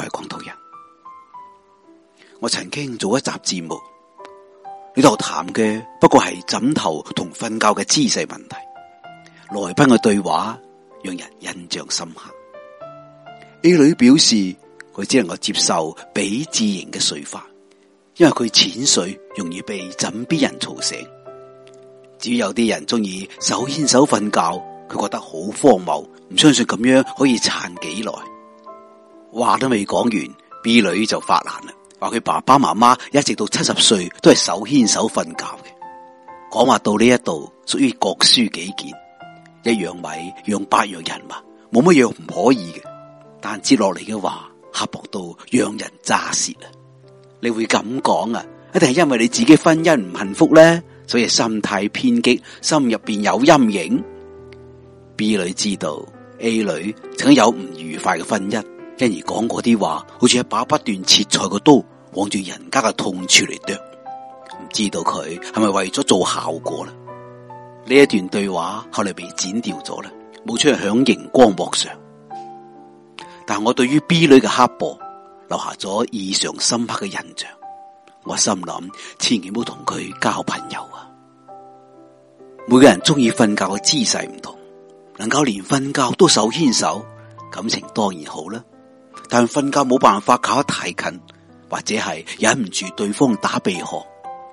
係廣東人，我曾經做一集節目，呢度談嘅不過係枕頭同瞓覺嘅姿勢問題。來賓嘅對話讓人印象深刻。A 女表示佢只能夠接受比字型嘅睡法，因為佢淺睡容易被枕邊人吵醒。至於有啲人中意手牽手瞓覺，佢覺得好荒謬，唔相信咁樣可以撐幾耐。話都未講完，B 女就發難啦，話佢爸爸媽媽一直到七十歲都係手牽手瞓覺嘅。講話到呢一度，屬於各抒己見，一樣米養百樣人嘛，冇乜嘢唔可以嘅。但接落嚟嘅話，刻薄到讓人炸舌啊！你會咁講啊？一定係因為你自己婚姻唔幸福咧，所以心態偏激，心入邊有陰影。B 女知道 A 女，曾經有唔愉快嘅婚姻。欣而講嗰啲話，好似一把不斷切菜嘅刀，往住人家嘅痛處嚟啄。唔知道佢係咪為咗做效果啦？呢一段對話後嚟被剪掉咗啦，冇出嚟響熒光幕上。但我對於 B 女嘅刻薄留下咗異常深刻嘅印象。我心諗，千祈唔好同佢交朋友啊！每個人中意瞓覺嘅姿勢唔同，能夠連瞓覺都手牽手，感情當然好啦。但瞓覺冇辦法靠得太近，或者係忍唔住對方打鼻鼾，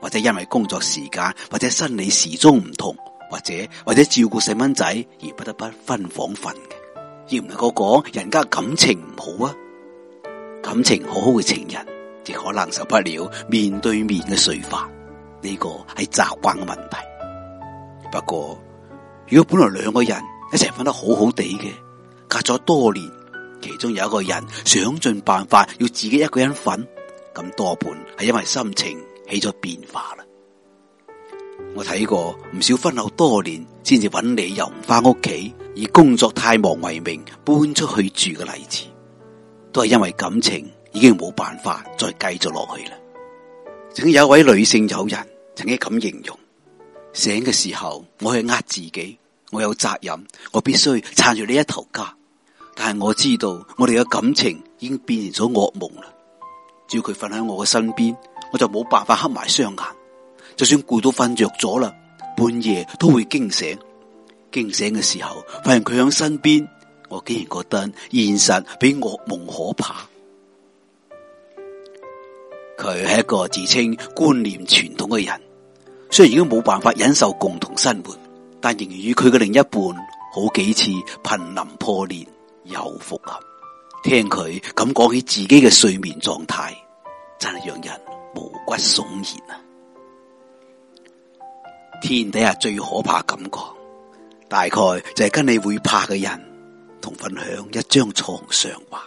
或者因為工作時間，或者生理時鐘唔同，或者或者照顧細蚊仔而不得不分房瞓嘅，亦唔係個講人家感情唔好啊，感情好好嘅情人亦可能受不了面對面嘅睡法，呢個係習慣嘅問題。不過如果本來兩個人一齊瞓得好好哋嘅，隔咗多年。其中有一個人想盡辦法要自己一個人瞓，咁多半係因為心情起咗變化啦。我睇過唔少婚後多年先至揾理由唔翻屋企，以工作太忙為名搬出去住嘅例子，都係因為感情已經冇辦法再繼續落去啦。曾經有一位女性友人曾經咁形容：醒嘅時候，我係呃自己，我有責任，我必須撐住呢一頭家。但係我知道，我哋嘅感情已經變成咗噩夢啦。只要佢瞓喺我嘅身邊，我就冇辦法瞌埋雙眼。就算攰到瞓着咗啦，半夜都會驚醒。驚醒嘅時候，發現佢喺身邊，我竟然覺得現實比噩夢可怕。佢係一個自稱觀念傳統嘅人，雖然已經冇辦法忍受共同生活，但仍然與佢嘅另一半好幾次瀕臨破裂，又復合，聽佢咁講起自己嘅睡眠狀態，真係讓人毛骨悚然啊！天底下最可怕感覺，大概就係跟你會怕嘅人同分享一張床上吧。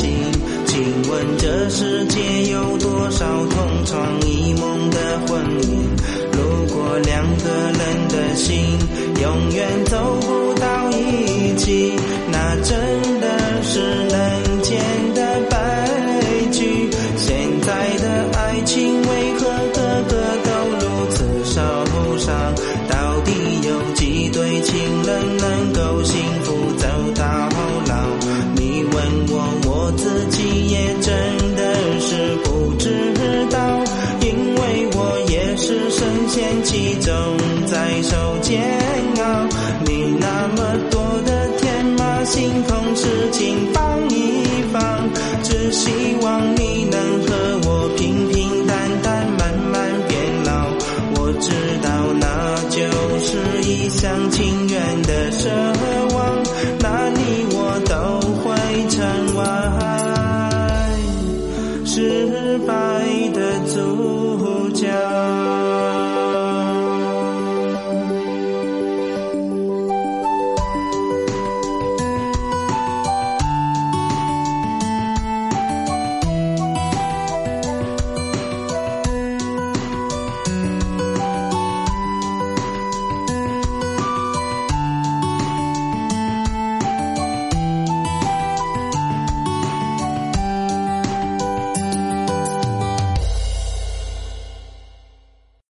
請，請問這世界有多少同床異？